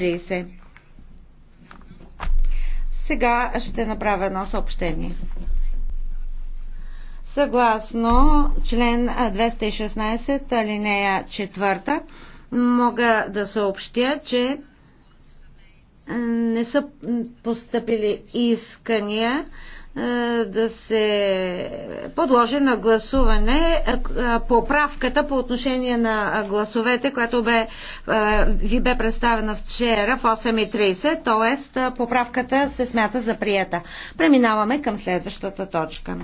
30. Сега ще направя едно съобщение. Съгласно член 216, алинея 4, мога да съобщя, че не са поступили искания е, да се подложи на гласуване е, е, поправката по отношение на гласовете, която бе, ви бе представена вчера в 8.30, т.е. поправката се смята за прията. Преминаваме към следващата точка.